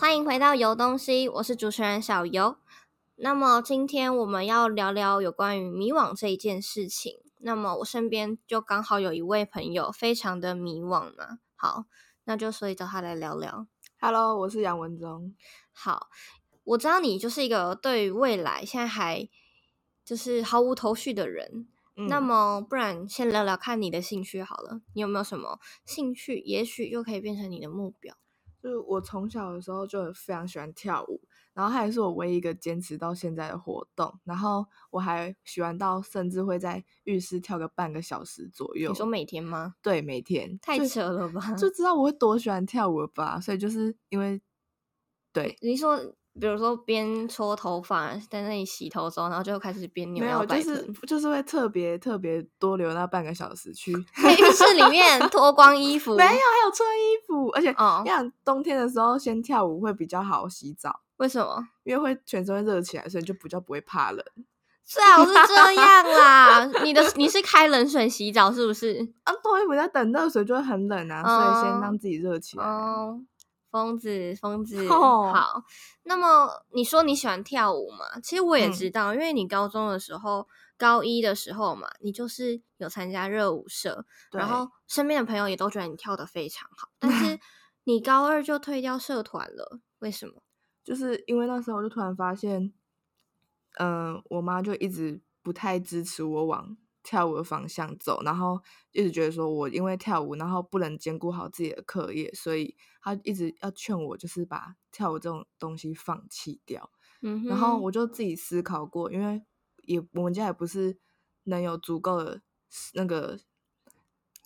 歡迎回到油東西，我是主持人小油。那麼今天我們要聊聊有關於迷惘這一件事情。那麼我身邊就剛好有一位朋友非常的迷惘。好，那就所以找他來聊聊。Hello，我是楊文忠。好。我知道你就是一個對未來現在還就是毫無頭緒的人，嗯、那麼不然先聊聊看你的興趣好了，你有沒有什麼興趣？也許又可以變成你的目標。就是我從小的時候就非常喜歡跳舞，然後它也是我唯一一個堅持到現在的活動。然後我還喜歡到甚至會在浴室跳個半個小時左右。你說每天嗎？對，每天。太扯了吧？就，就知道我會多喜歡跳舞吧，所以就是因為對你，你說。比如說邊搓頭髮，在那裡洗頭的時候，然後就開始邊扭腰擺頭。沒有，就是就是會特別特別多留到半個小時去。在浴室裡面脫光衣服， 沒有，還有穿衣服，而且像、oh. 冬天的時候，先跳舞會比較好洗澡。為什麼？因為會全身熱起來，所以你就比較不會怕冷。最好是這樣啦。 你的你是開冷水洗澡是不是？ 啊，對，我在等熱水就會很冷啊，oh. 所以先讓自己熱起來。Oh. Oh. 瘋子，瘋子，oh. 好。那麼你說你喜歡跳舞嘛？其實我也知道，嗯、因為你高中的時候，高一的時候嘛，你就是有參加熱舞社，對然後身邊的朋友也都覺得你跳得非常好。但是你高二就退掉社團了， 為什麼？就是因為那時候我就突然發現，嗯、呃，我媽就一直不太支持我往。跳舞的方向走，然後一直覺得說我因為跳舞，然後不能兼顧好自己的課業，所以他一直要勸我，就是把跳舞這種東西放棄掉。嗯哼。然後我就自己思考過，因為也我們家也不是能有足夠的那個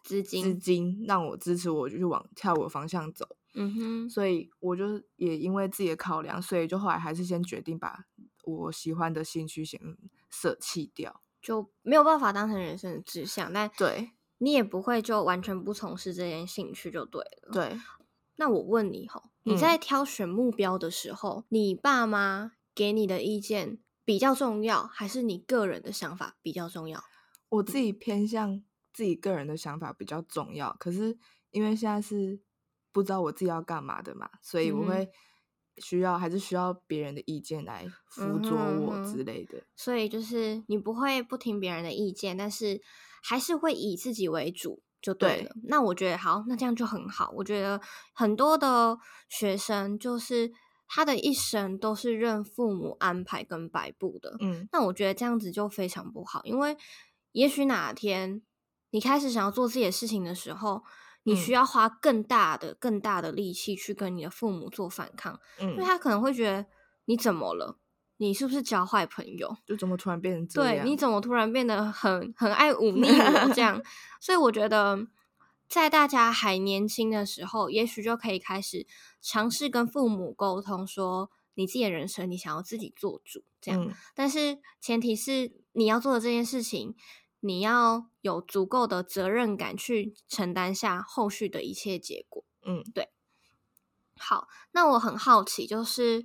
資金資金讓我支持我，就去往跳舞的方向走。嗯哼。所以我就也因為自己的考量，所以就後來還是先決定把我喜歡的興趣先舍棄掉。就沒有辦法當成人生的志向，但對你也不會就完全不從事這件興趣就對了。對，那我問你吼，你在挑選目標的時候，嗯、你爸媽給你的意見比較重要，還是你個人的想法比較重要？我自己偏向自己個人的想法比較重要，嗯、可是因為現在是不知道我自己要幹嘛的嘛，所以我會、嗯。需要還是需要別人的意見來輔佐我之類的、嗯，所以就是你不會不聽別人的意見，但是還是會以自己為主就對了。對，那我覺得好，那這樣就很好。我覺得很多的學生就是他的一生都是任父母安排跟擺布的，嗯，那我覺得這樣子就非常不好，因為也許哪天你開始想要做自己的事情的時候。你需要花更大的、更大的力氣去跟你的父母做反抗，嗯、因為他可能會覺得你怎麼了？你是不是交壞朋友？就怎麼突然變成這樣？對，你怎麼突然變得很很愛忤逆我這樣？ 所以我覺得，在大家還年輕的時候，也許就可以開始嘗試跟父母溝通，說你自己的人生你想要自己做主這樣。嗯、但是前提是你要做的這件事情，你要有足夠的責任感去承擔下後續的一切結果。嗯，對。好，那我很好奇，就是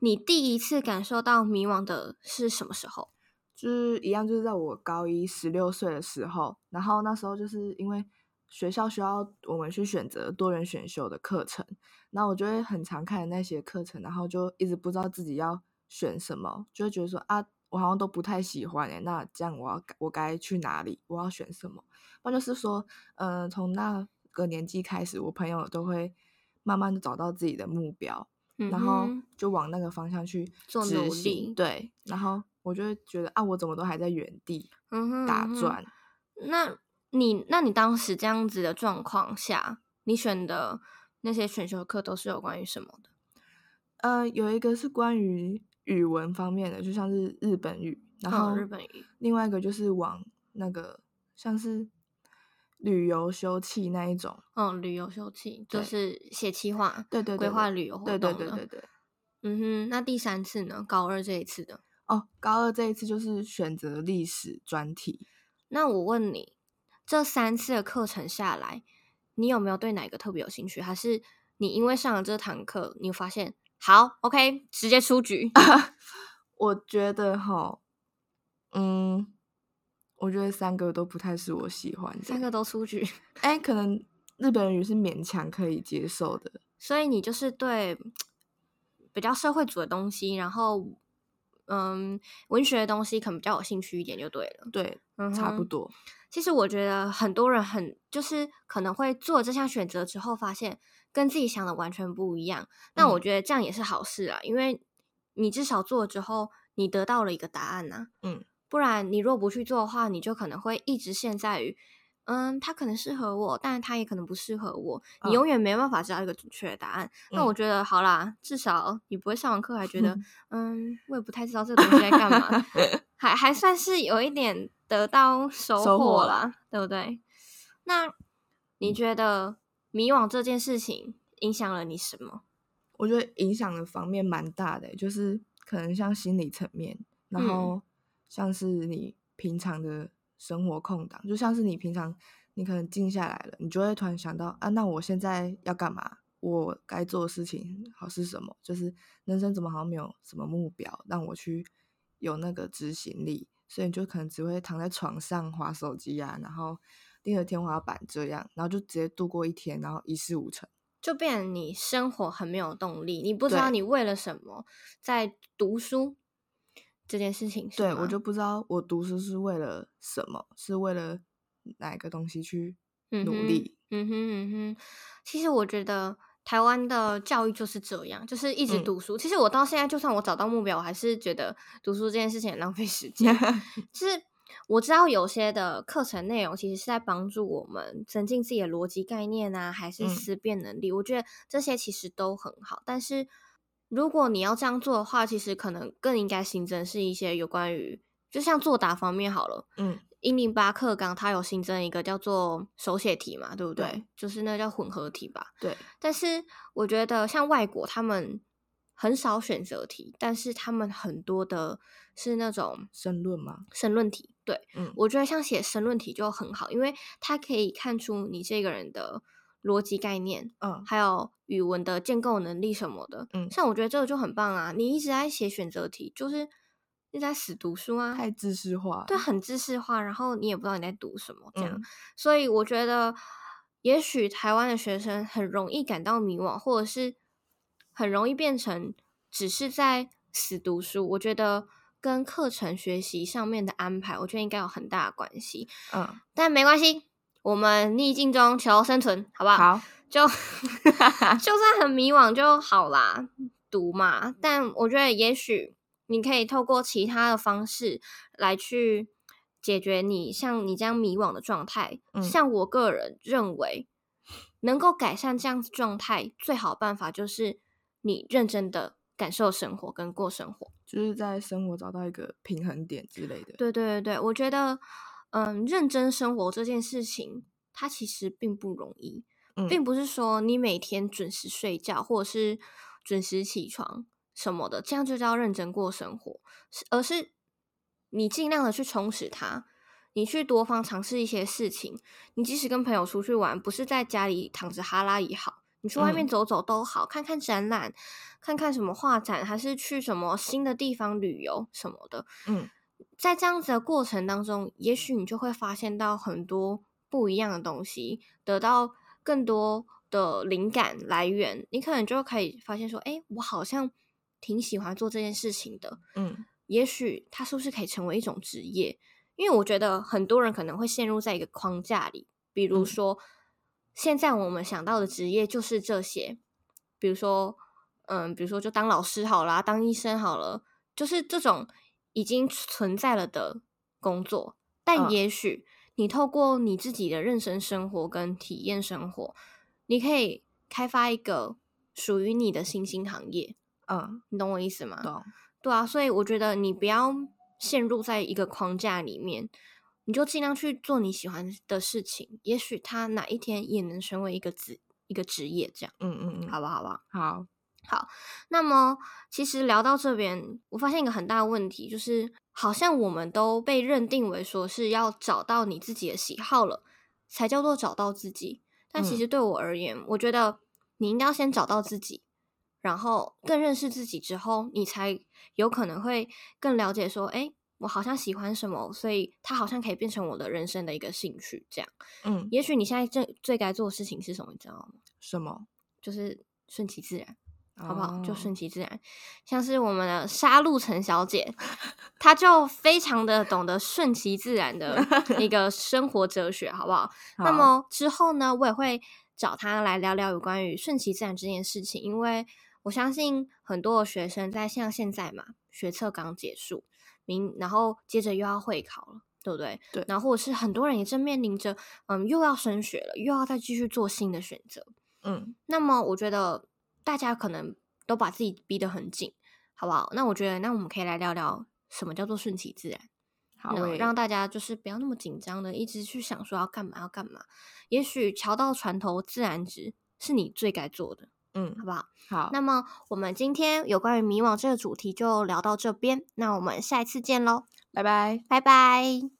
你第一次感受到迷惘的是什麼時候？就是一樣，就是在我高一十六歲的時候，然後那時候就是因為學校需要我們去選擇多元選修的課程，那我就會很常看那些課程，然後就一直不知道自己要選什麼，就會覺得說啊。我好像都不太喜歡誒、欸，那這樣我要我該去哪裡？我要選什麼？那就是說，嗯、呃，從那個年紀開始，我朋友都會慢慢的找到自己的目標，嗯、嗯哼，然後就往那個方向去做努力。對，然後我就覺得啊，我怎麼都還在原地打轉？嗯嗯。那你那你當時這樣子的狀況下，你選的那些選修課都是有關於什麼的？呃，有一個是關於。語文方面的，就像是日本語，然後、哦、日本語，另外一個就是往那個像是旅遊休憩那一種，嗯，旅遊休憩對就是寫企劃，對對，規劃旅遊活動，對對對對對，嗯哼，那第三次呢？高二這一次的哦，高二這一次就是選擇歷史專題。那我問你，這三次的課程下來，你有沒有對哪個特別有興趣？還是你因為上了這堂課，你有發現？好，OK，直接出局。 我覺得齁，嗯，我覺得三個都不太是我喜歡的，三個都出局。誒、 欸、可能日本語是勉強可以接受的。所以你就是對比較社會組的東西，然後嗯，文學的東西可能比較有興趣一點，就對了。對，嗯、哼差不多。其實我覺得很多人很就是可能會做這項選擇之後，發現。跟自己想的完全不一樣，那我覺得這樣也是好事啊，嗯、因為你至少做了之後，你得到了一個答案吶、啊。嗯，不然你若不去做的話，你就可能會一直陷在於，嗯，他可能適合我，但是他也可能不適合我，你永遠沒辦法知道一個準確的答案。哦、那我覺得、嗯、好啦，至少你不會上完課還覺得，嗯，嗯，我也不太知道這個東西在幹嘛， 還還算是有一點得到收穫啦，對不對？那你覺得？嗯迷惘這件事情影響了你什麼？我覺得影響的方面蠻大的、欸，就是可能像心理層面，然後像是你平常的生活空檔，嗯、就像是你平常你可能靜下來了，你就會突然想到啊，那我現在要幹嘛？我該做的事情好是什麼？就是人生怎麼好像沒有什麼目標讓我去有那個執行力，所以你就可能只會躺在床上滑手機啊，然後。盯着天花板這樣，然後就直接度過一天，然後一事無成，就變成你生活很沒有動力，你不知道你為了什麼在讀書這件事情上。對，我就不知道我讀書是為了什麼，是為了哪個東西去努力？嗯哼，嗯哼，嗯，哼嗯哼。其實我覺得台灣的教育就是這樣，就是一直讀書。嗯、其實我到現在，就算我找到目標，我還是覺得讀書這件事情很浪費時間，其、 就是。我知道有些的課程內容其實是在幫助我們增進自己的邏輯概念啊，還是思辨能力。嗯，我覺得這些其實都很好，但是如果你要這樣做的話，其實可能更應該新增是一些有關於，就像作答方面好了。嗯，一零八課綱它有新增一個叫做手寫題嘛，對不對？對，就是那叫混合題吧。對。但是我覺得像外國他們。很少選擇題，但是他們很多的是那種申論嗎？申論題，對，嗯，我覺得像寫申論題就很好，因為他可以看出你這個人的邏輯概念，嗯，還有語文的建構能力什麼的，嗯，像我覺得這個就很棒啊！你一直在寫選擇題，就是你在死讀書啊，太知識化，對，很知識化，然後你也不知道你在讀什麼，這樣，嗯，所以我覺得也許台灣的學生很容易感到迷惘，或者是。很容易變成只是在死讀書，我覺得跟課程學習上面的安排，我覺得應該有很大的關係。嗯，但沒關係，我們逆境中求生存，好不好？好，就 就算很迷惘就好啦，讀嘛。嗯、但我覺得，也許你可以透過其他的方式來去解決你像你這樣迷惘的狀態。嗯、像我個人認為，能夠改善這樣子狀態，最好辦法就是。你認真的感受生活跟過生活，就是在生活找到一個平衡點之類的。對對對，我覺得，嗯，認真生活這件事情，它其實並不容易。嗯，並不是說你每天準時睡覺或者是準時起床什麼的，這樣就叫認真過生活，而是你盡量的去充實它，你去多方嘗試一些事情，你即使跟朋友出去玩，不是在家裡躺着哈拉也好，你去外面走走都好，嗯、看看展覽，看看什麼畫展，還是去什麼新的地方旅遊什麼的。嗯，在這樣子的過程當中，也許你就會發現到很多不一樣的東西，得到更多的靈感來源。你可能就可以發現說，誒、欸，我好像挺喜歡做這件事情的。嗯，也許它是不是可以成為一種職業？因為我覺得很多人可能會陷入在一個框架裡，比如說，嗯現在我們想到的職業就是這些，比如說，嗯，比如說就當老師好啦，啊，當醫生好了，就是這種已經存在了的工作。但也許你透過你自己的認真生活跟體驗生活，你可以開發一個屬於你的新興行業。嗯，你懂我意思嗎？懂。對啊，所以我覺得你不要陷入在一個框架裡面。你就盡量去做你喜歡的事情，也許他哪一天也能成為一個職一個職業這樣。嗯嗯，好吧好，好吧，好好。那麼，其實聊到這邊，我發現一個很大的問題，就是好像我們都被認定為說是要找到你自己的喜好了，才叫做找到自己。但其實對我而言，嗯、我覺得你應該要先找到自己，然後更認識自己之後，你才有可能會更了解說，誒，我好像喜歡什麼，所以他好像可以變成我的人生的一個興趣，這樣。嗯，也許你現在正最該做的事情是什麼？你知道嗎？什麼？就是順其自然，哦、好不好？就順其自然。像是我們的殺戮城小姐， 她就非常的懂得順其自然的一個生活哲學， 好不好？好。那麼之後呢，我也會找她來聊聊有關於順其自然這件事情，因為我相信很多的學生在像現在嘛，學測剛結束。明，然後接着又要會考了，對不對？對。然後是很多人也正面臨着，嗯，又要升學了，又要再繼續做新的選擇。嗯。那麼我覺得大家可能都把自己逼得很緊，好不好？那我覺得，那我們可以來聊聊什麼叫做順其自然，好吧，讓大家就是不要那麼緊張的一直去想說要幹嘛要幹嘛。也許橋到船頭自然直，是你最該做的。嗯，好不好？好。那麼我們今天有關於迷惘這個主題就聊到這邊，那我們下一次見嘍，拜拜，拜拜。